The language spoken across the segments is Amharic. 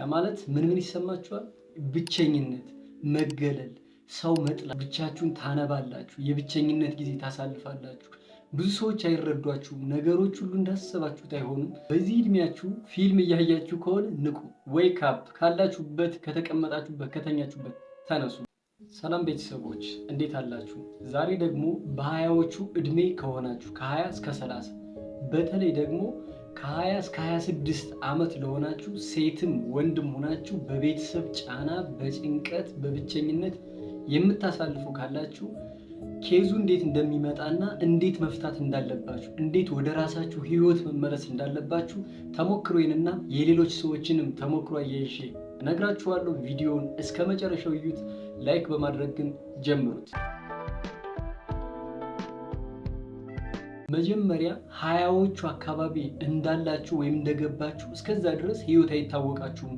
ያ ማለት ምን ምን ይሰማችኋል? ብቸኝነት፣ መገለል፣ ሰው መጥላ ብቻችሁን ታነባላችሁ፣ የብቸኝነት ጊዜ ታሳልፋላችሁ። ብዙ ሰዎች አይረዷችሁም። ነገሮች ሁሉ እንዳሰባችሁት አይሆኑም። በዚህ እድሜያችሁ ፊልም እያያችሁ ከሆነ ንቁ፣ ዌክ አፕ። ካላችሁበት፣ ከተቀመጣችሁበት፣ ከተኛችሁበት ተነሱ። ሰላም ቤተሰቦች እንዴት አላችሁ? ዛሬ ደግሞ በሀያዎቹ እድሜ ከሆናችሁ ከሀያ እስከ ሰላሳ በተለይ ደግሞ ከ20 እስከ 26 ዓመት ለሆናችሁ ሴትም ወንድም ሆናችሁ በቤተሰብ ጫና፣ በጭንቀት፣ በብቸኝነት የምታሳልፉ ካላችሁ ኬዙ እንዴት እንደሚመጣና እንዴት መፍታት እንዳለባችሁ እንዴት ወደ ራሳችሁ ህይወት መመለስ እንዳለባችሁ ተሞክሮዬንና የሌሎች ሰዎችንም ተሞክሮ አያይዤ እነግራችኋለሁ። ቪዲዮውን እስከ መጨረሻው እዩት። ላይክ በማድረግ ግን ጀምሩት። መጀመሪያ ሀያዎቹ አካባቢ እንዳላችሁ ወይም እንደገባችሁ እስከዛ ድረስ ህይወት አይታወቃችሁም።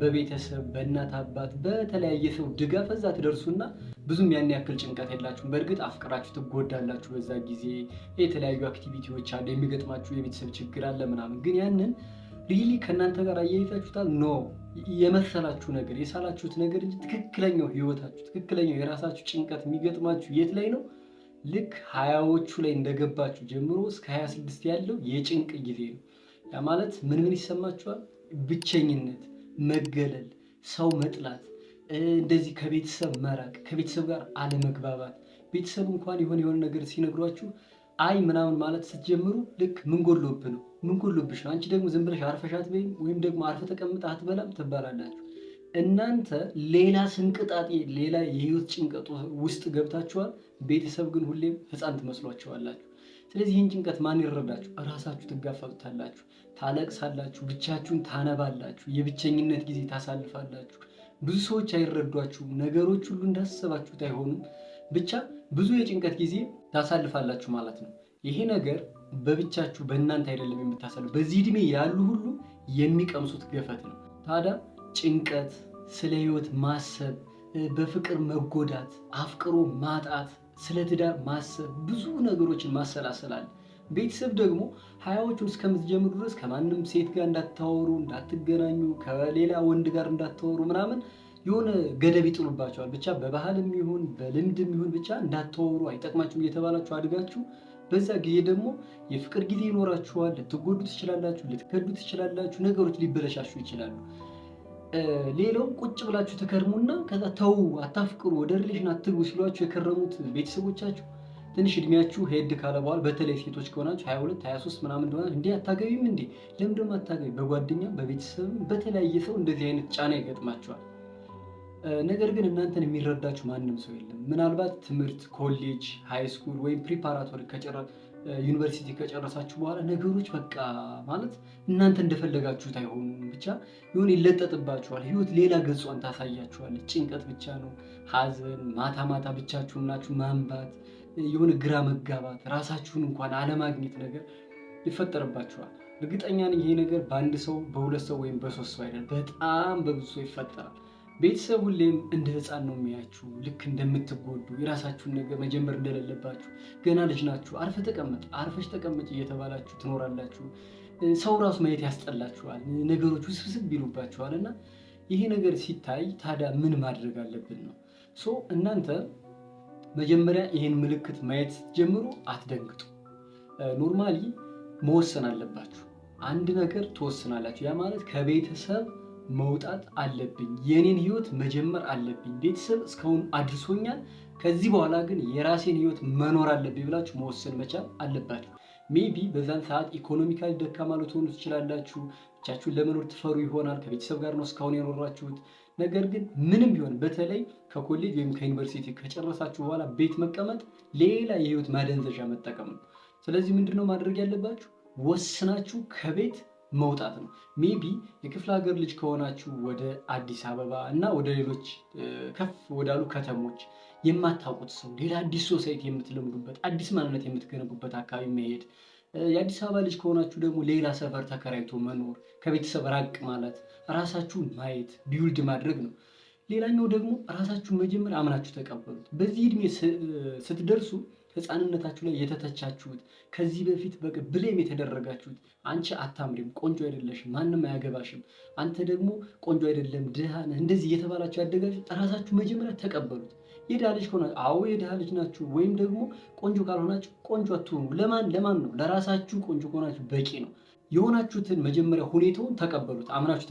በቤተሰብ በእናት አባት፣ በተለያየ ሰው ድጋፍ እዛ ትደርሱና ብዙም ያን ያክል ጭንቀት የላችሁም። በእርግጥ አፍቅራችሁ ትጎዳላችሁ። በዛ ጊዜ የተለያዩ አክቲቪቲዎች አለ፣ የሚገጥማችሁ የቤተሰብ ችግር አለ ምናምን። ግን ያንን ሪሊ ከእናንተ ጋር አያይዛችሁታል ኖ የመሰላችሁ ነገር የሳላችሁት ነገር እንጂ ትክክለኛው ህይወታችሁ ትክክለኛው የራሳችሁ ጭንቀት የሚገጥማችሁ የት ላይ ነው? ልክ ሀያዎቹ ላይ እንደገባችሁ ጀምሮ እስከ ሀያ ስድስት ያለው የጭንቅ ጊዜ ነው። ያ ማለት ምን ምን ይሰማችኋል? ብቸኝነት፣ መገለል፣ ሰው መጥላት፣ እንደዚህ ከቤተሰብ መራቅ፣ ከቤተሰብ ጋር አለመግባባት፣ ቤተሰብ እንኳን የሆነ የሆነ ነገር ሲነግሯችሁ አይ ምናምን ማለት ስትጀምሩ ልክ ምን ጎሎብህ ነው ምን ጎሎብሽ ነው አንቺ ደግሞ ዝም ብለሽ አርፈሽ አትበይም ወይም ደግሞ አርፈ ተቀምጠ አትበላም ትባላላችሁ። እናንተ ሌላ ስንቅጣጤ ሌላ የህይወት ጭንቀት ውስጥ ገብታችኋል። ቤተሰብ ግን ሁሌም ህፃን ትመስሏችኋላችሁ። ስለዚህ ይህን ጭንቀት ማን ይረዳችሁ? እራሳችሁ ትጋፈጡታላችሁ፣ ታለቅሳላችሁ፣ ብቻችሁን ታነባላችሁ፣ የብቸኝነት ጊዜ ታሳልፋላችሁ። ብዙ ሰዎች አይረዷችሁም። ነገሮች ሁሉ እንዳሰባችሁት አይሆኑም። ብቻ ብዙ የጭንቀት ጊዜ ታሳልፋላችሁ ማለት ነው። ይሄ ነገር በብቻችሁ በእናንተ አይደለም የምታሳልፍ፣ በዚህ ዕድሜ ያሉ ሁሉ የሚቀምሱት ገፈት ነው። ታዲያ ጭንቀት ስለ ህይወት ማሰብ፣ በፍቅር መጎዳት፣ አፍቅሮ ማጣት፣ ስለ ትዳር ማሰብ፣ ብዙ ነገሮችን ማሰላሰል አለ። ቤተሰብ ደግሞ ሀያዎቹን እስከምትጀምሩ ድረስ ከማንም ሴት ጋር እንዳታወሩ፣ እንዳትገናኙ፣ ከሌላ ወንድ ጋር እንዳታወሩ ምናምን የሆነ ገደብ ይጥሉባቸዋል። ብቻ በባህልም ይሁን በልምድም ይሁን ብቻ እንዳታወሩ አይጠቅማችሁም እየተባላችሁ አድጋችሁ በዛ ጊዜ ደግሞ የፍቅር ጊዜ ይኖራችኋል። ልትጎዱ ትችላላችሁ፣ ልትከዱ ትችላላችሁ። ነገሮች ሊበለሻሹ ይችላሉ። ሌላው ቁጭ ብላችሁ ተከርሙና ከዛ ተው አታፍቅሩ፣ ወደ ሪሌሽን አትግቡ ሲሏችሁ የከረሙት ቤተሰቦቻችሁ ትንሽ እድሜያችሁ ሄድ ካለ በኋላ በተለይ ሴቶች ከሆናችሁ 22 23 ምናምን እንደሆነ እንዴ አታገቢም እንዴ ለምን ደግሞ አታገቢ? በጓደኛ በቤተሰብም በተለያየ ሰው እንደዚህ አይነት ጫና ይገጥማቸዋል። ነገር ግን እናንተን የሚረዳችሁ ማንም ሰው የለም። ምናልባት ትምህርት ኮሌጅ፣ ሃይ ስኩል ወይም ፕሪፓራቶሪ ከጨረሱ ዩኒቨርሲቲ ከጨረሳችሁ በኋላ ነገሮች በቃ ማለት እናንተ እንደፈለጋችሁት አይሆኑም። ብቻ ይሁን ይለጠጥባችኋል። ህይወት ሌላ ገጿን ታሳያችኋለች። ጭንቀት ብቻ ነው፣ ሀዘን ማታ ማታ ብቻችሁ ናችሁ ማንባት፣ የሆነ ግራ መጋባት፣ ራሳችሁን እንኳን አለማግኘት ነገር ይፈጠርባችኋል። እርግጠኛ ነኝ ይሄ ነገር በአንድ ሰው በሁለት ሰው ወይም በሶስት ሰው አይደል፣ በጣም በብዙ ሰው ይፈጠራል። ቤተሰብ ሁሌም እንደ ህፃን ነው የሚያችሁ፣ ልክ እንደምትጎዱ የራሳችሁን ነገር መጀመር እንደሌለባችሁ፣ ገና ልጅ ናችሁ፣ አርፈ ተቀመጥ፣ አርፈሽ ተቀመጭ እየተባላችሁ ትኖራላችሁ። ሰው ራሱ ማየት ያስጠላችኋል፣ ነገሮች ውስብስብ ይሉባችኋል። እና ይሄ ነገር ሲታይ ታዲያ ምን ማድረግ አለብን ነው ሶ እናንተ መጀመሪያ ይህን ምልክት ማየት ጀምሮ አትደንግጡ። ኖርማሊ መወሰን አለባችሁ። አንድ ነገር ትወስናላችሁ። ያ ማለት ከቤተሰብ መውጣት አለብኝ። የኔን ህይወት መጀመር አለብኝ። ቤተሰብ እስካሁን አድርሶኛል፣ ከዚህ በኋላ ግን የራሴን ህይወት መኖር አለብኝ ብላችሁ መወሰን መቻል አለባችሁ። ሜቢ በዛን ሰዓት ኢኮኖሚካሊ ደካማ ልትሆኑ ትችላላችሁ። ብቻችሁን ለመኖር ትፈሩ ይሆናል። ከቤተሰብ ጋር ነው እስካሁን የኖራችሁት። ነገር ግን ምንም ቢሆን በተለይ ከኮሌጅ ወይም ከዩኒቨርሲቲ ከጨረሳችሁ በኋላ ቤት መቀመጥ ሌላ የህይወት ማደንዘዣ መጠቀም ነው። ስለዚህ ምንድነው ማድረግ ያለባችሁ? ወስናችሁ ከቤት መውጣት ነው። ሜቢ የክፍለ ሀገር ልጅ ከሆናችሁ ወደ አዲስ አበባ እና ወደ ሌሎች ከፍ ወዳሉ ከተሞች የማታውቁት ሰው ሌላ አዲስ ሶሳይቲ የምትለምዱበት አዲስ ማንነት የምትገነቡበት አካባቢ መሄድ፣ የአዲስ አበባ ልጅ ከሆናችሁ ደግሞ ሌላ ሰፈር ተከራይቶ መኖር፣ ከቤተሰብ ራቅ ማለት፣ ራሳችሁን ማየት ቢውልድ ማድረግ ነው። ሌላኛው ደግሞ ራሳችሁን መጀመር አምናችሁ ተቀበሉት። በዚህ እድሜ ስትደርሱ ህፃንነታችሁ ላይ የተተቻችሁት፣ ከዚህ በፊት ብሌም የተደረጋችሁት፣ አንቺ አታምሪም፣ ቆንጆ አይደለሽም፣ ማንም አያገባሽም፣ አንተ ደግሞ ቆንጆ አይደለም፣ ድሃ ነህ፣ እንደዚህ እየተባላችሁ ያደጋችሁ ራሳችሁ መጀመሪያ ተቀበሉት። የድሃ ልጅ ከሆነ አዎ የድሃ ልጅ ናችሁ፣ ወይም ደግሞ ቆንጆ ካልሆናችሁ ቆንጆ አትሆኑ። ለማን ለማን ነው? ለራሳችሁ ቆንጆ ከሆናችሁ በቂ ነው። የሆናችሁትን መጀመሪያ ሁኔታውን ተቀበሉት፣ አምናችሁ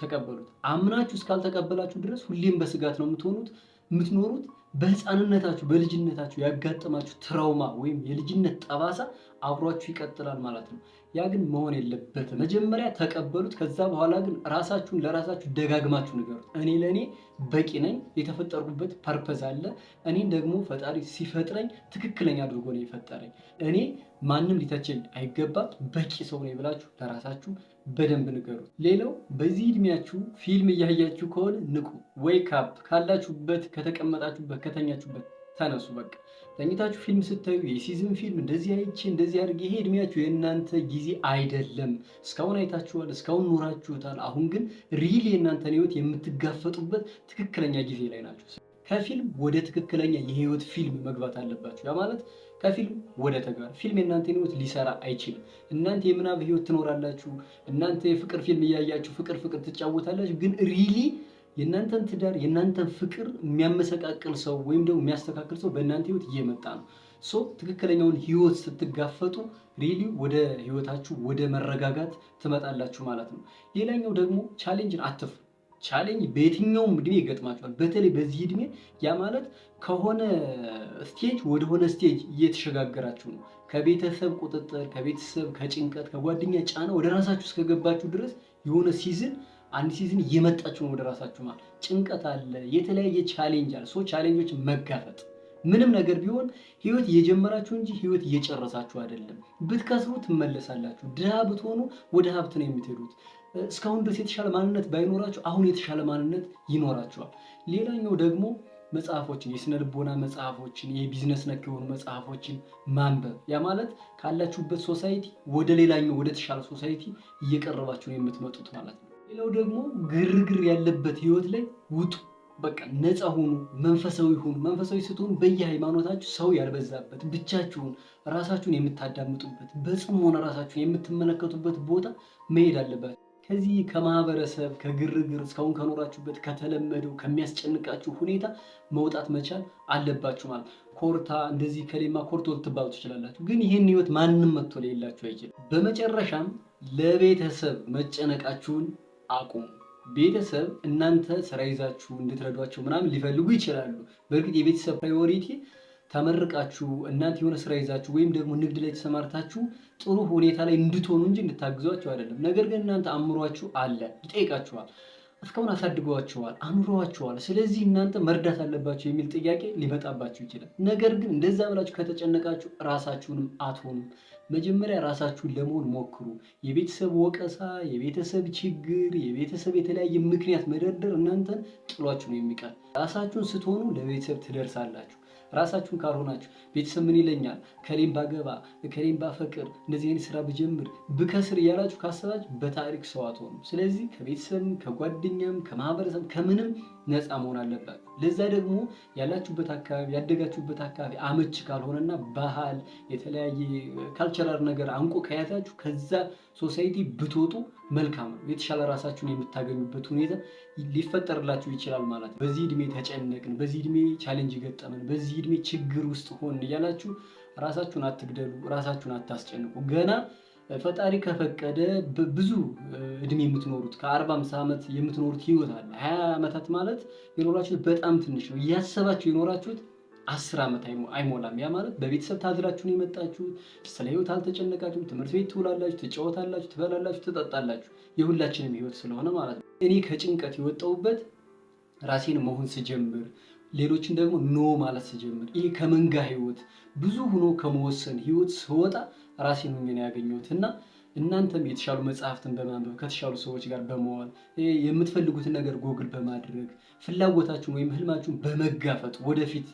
ተቀበሉት። አምናችሁ እስካልተቀበላችሁ ድረስ ሁሌም በስጋት ነው የምትሆኑት። የምትኖሩት በህፃንነታችሁ በልጅነታችሁ ያጋጠማችሁ ትራውማ ወይም የልጅነት ጠባሳ አብሯችሁ ይቀጥላል ማለት ነው። ያ ግን መሆን የለበትም። መጀመሪያ ተቀበሉት። ከዛ በኋላ ግን ራሳችሁን ለራሳችሁ ደጋግማችሁ ንገሩት። እኔ ለእኔ በቂ ነኝ፣ የተፈጠርኩበት ፐርፐዝ አለ። እኔን ደግሞ ፈጣሪ ሲፈጥረኝ ትክክለኛ አድርጎ ነው የፈጠረኝ። እኔ ማንም ሊተቸኝ አይገባም፣ በቂ ሰው ነኝ ብላችሁ ለራሳችሁ በደንብ ንገሩት። ሌላው በዚህ እድሜያችሁ ፊልም እያያችሁ ከሆነ ንቁ፣ ዌክ አፕ። ካላችሁበት፣ ከተቀመጣችሁበት፣ ከተኛችሁበት ተነሱ። በቃ ተኝታችሁ ፊልም ስታዩ የሲዝን ፊልም እንደዚህ አይቼ እንደዚህ አድርጌ፣ ይሄ እድሜያችሁ የእናንተ ጊዜ አይደለም። እስካሁን አይታችኋል፣ እስካሁን ኖራችሁታል። አሁን ግን ሪል የእናንተን ህይወት የምትጋፈጡበት ትክክለኛ ጊዜ ላይ ናችሁ። ከፊልም ወደ ትክክለኛ የህይወት ፊልም መግባት አለባችሁ። ያ ማለት ከፊልም ወደ ተግባር። ፊልም የእናንተ ህይወት ሊሰራ አይችልም። እናንተ የምናብ ህይወት ትኖራላችሁ። እናንተ የፍቅር ፊልም እያያችሁ ፍቅር ፍቅር ትጫወታላችሁ። ግን ሪሊ የእናንተን ትዳር የእናንተን ፍቅር የሚያመሰቃቅል ሰው ወይም ደግሞ የሚያስተካክል ሰው በእናንተ ህይወት እየመጣ ነው። ሶ ትክክለኛውን ህይወት ስትጋፈጡ ሪሊ ወደ ህይወታችሁ ወደ መረጋጋት ትመጣላችሁ ማለት ነው። ሌላኛው ደግሞ ቻሌንጅን አትፍሩ። ቻሌንጅ በየትኛውም እድሜ ይገጥማቸዋል። በተለይ በዚህ እድሜ ያ ማለት ከሆነ ስቴጅ ወደሆነ ስቴጅ እየተሸጋገራችሁ ነው። ከቤተሰብ ቁጥጥር፣ ከቤተሰብ ከጭንቀት፣ ከጓደኛ ጫና ወደ ራሳችሁ እስከገባችሁ ድረስ የሆነ ሲዝን አንድ ሲዝን እየመጣችሁ ነው ወደ ራሳችሁ ማለት ጭንቀት አለ፣ የተለያየ ቻሌንጅ አለ። ሶ ቻሌንጆች መጋፈጥ ምንም ነገር ቢሆን ህይወት እየጀመራችሁ እንጂ ህይወት እየጨረሳችሁ አይደለም። ብትከስሩ ትመለሳላችሁ። ድሃ ብትሆኑ ወደ ሀብት ነው የምትሄዱት። እስካሁን ድረስ የተሻለ ማንነት ባይኖራችሁ አሁን የተሻለ ማንነት ይኖራችኋል። ሌላኛው ደግሞ መጽሐፎችን የስነ ልቦና መጽሐፎችን የቢዝነስ ነክ የሆኑ መጽሐፎችን ማንበብ ያ ማለት ካላችሁበት ሶሳይቲ ወደ ሌላኛው ወደ ተሻለ ሶሳይቲ እየቀረባችሁ ነው የምትመጡት ማለት ነው። ሌላው ደግሞ ግርግር ያለበት ህይወት ላይ ውጡ። በቃ ነፃ ሁኑ፣ መንፈሳዊ ሁኑ። መንፈሳዊ ስትሆኑ በየሃይማኖታችሁ ሰው ያልበዛበት ብቻችሁን ራሳችሁን የምታዳምጡበት በጽሞና ራሳችሁን የምትመለከቱበት ቦታ መሄድ አለበት። ከዚህ ከማህበረሰብ ከግርግር እስካሁን ከኖራችሁበት ከተለመደው ከሚያስጨንቃችሁ ሁኔታ መውጣት መቻል አለባችሁ። ማለት ኮርታ እንደዚህ ከሌማ ኮርቶ ልትባሉ ትችላላችሁ፣ ግን ይህን ህይወት ማንም መጥቶ ሌላችሁ አይችልም። በመጨረሻም ለቤተሰብ መጨነቃችሁን አቁሙ። ቤተሰብ እናንተ ስራ ይዛችሁ እንድትረዷቸው ምናምን ሊፈልጉ ይችላሉ። በእርግጥ የቤተሰብ ፕራዮሪቲ ተመርቃችሁ እናንተ የሆነ ስራ ይዛችሁ ወይም ደግሞ ንግድ ላይ ተሰማርታችሁ ጥሩ ሁኔታ ላይ እንድትሆኑ እንጂ እንድታግዟቸው አይደለም። ነገር ግን እናንተ አእምሯችሁ አለ፣ ይጠይቃችኋል። እስካሁን አሳድገዋቸዋል፣ አኑረዋቸዋል። ስለዚህ እናንተ መርዳት አለባቸው የሚል ጥያቄ ሊመጣባቸው ይችላል። ነገር ግን እንደዛ ብላችሁ ከተጨነቃችሁ ራሳችሁንም አትሆኑም። መጀመሪያ ራሳችሁን ለመሆን ሞክሩ። የቤተሰብ ወቀሳ፣ የቤተሰብ ችግር፣ የቤተሰብ የተለያየ ምክንያት መደርደር እናንተን ጥሏችሁ ነው የሚቀር። ራሳችሁን ስትሆኑ ለቤተሰብ ትደርሳላችሁ። ራሳችሁን ካልሆናችሁ ቤተሰብ ምን ይለኛል፣ ከሌም ባገባ፣ ከሌም ባፈቅር፣ እንደዚህ አይነት ስራ ብጀምር፣ ብከስር እያላችሁ ካሰባችሁ በታሪክ ሰው አትሆኑም። ስለዚህ ከቤተሰብም፣ ከጓደኛም፣ ከማህበረሰብ ከምንም ነፃ መሆን አለባችሁ። ለዛ ደግሞ ያላችሁበት አካባቢ ያደጋችሁበት አካባቢ አመች ካልሆነና ባህል የተለያየ ካልቸራል ነገር አንቆ ከያዛችሁ ከዛ ሶሳይቲ ብትወጡ መልካም ነው። የተሻለ ራሳችሁን የምታገኙበት ሁኔታ ሊፈጠርላችሁ ይችላል ማለት ነው። በዚህ እድሜ ተጨነቅን፣ በዚህ እድሜ ቻሌንጅ ገጠመን፣ በዚህ እድሜ ችግር ውስጥ ሆን እያላችሁ ራሳችሁን አትግደሉ፣ ራሳችሁን አታስጨንቁ ገና ፈጣሪ ከፈቀደ ብዙ እድሜ የምትኖሩት ከ አምሳ ዓመት የምትኖሩት ህይወት አለ። ሀያ ዓመታት ማለት የኖራችሁት በጣም ትንሽ ነው። እያሰባችሁ የኖራችሁት አስር ዓመት አይሞላም። ያ ማለት በቤተሰብ ታዝላችሁን የመጣችሁ ስለ ህይወት አልተጨነቃችሁም። ትምህርት ቤት ትውላላችሁ፣ ትጫወታላችሁ፣ ትበላላችሁ፣ ትጠጣላችሁ። የሁላችንም ህይወት ስለሆነ ማለት ነው። እኔ ከጭንቀት የወጣሁበት ራሴን መሆን ስጀምር ሌሎችን ደግሞ ኖ ማለት ስጀምር ይሄ ከመንጋ ህይወት ብዙ ሆኖ ከመወሰን ህይወት ስወጣ ራሴን ሆኜ ነው ያገኘሁት እና እናንተም የተሻሉ መጽሐፍትን በማንበብ ከተሻሉ ሰዎች ጋር በመዋል የምትፈልጉትን ነገር ጎግል በማድረግ ፍላጎታችሁን ወይም ህልማችሁን በመጋፈጥ ወደፊት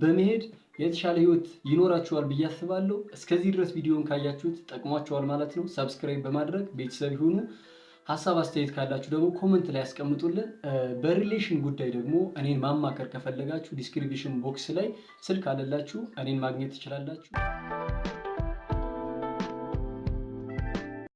በመሄድ የተሻለ ህይወት ይኖራችኋል ብዬ አስባለሁ። እስከዚህ ድረስ ቪዲዮን ካያችሁት ጠቅሟችኋል ማለት ነው። ሰብስክራይብ በማድረግ ቤተሰብ ይሁኑ። ሀሳብ አስተያየት ካላችሁ ደግሞ ኮመንት ላይ ያስቀምጡልን። በሪሌሽን ጉዳይ ደግሞ እኔን ማማከር ከፈለጋችሁ ዲስክሪፕሽን ቦክስ ላይ ስልክ አለላችሁ፣ እኔን ማግኘት ትችላላችሁ።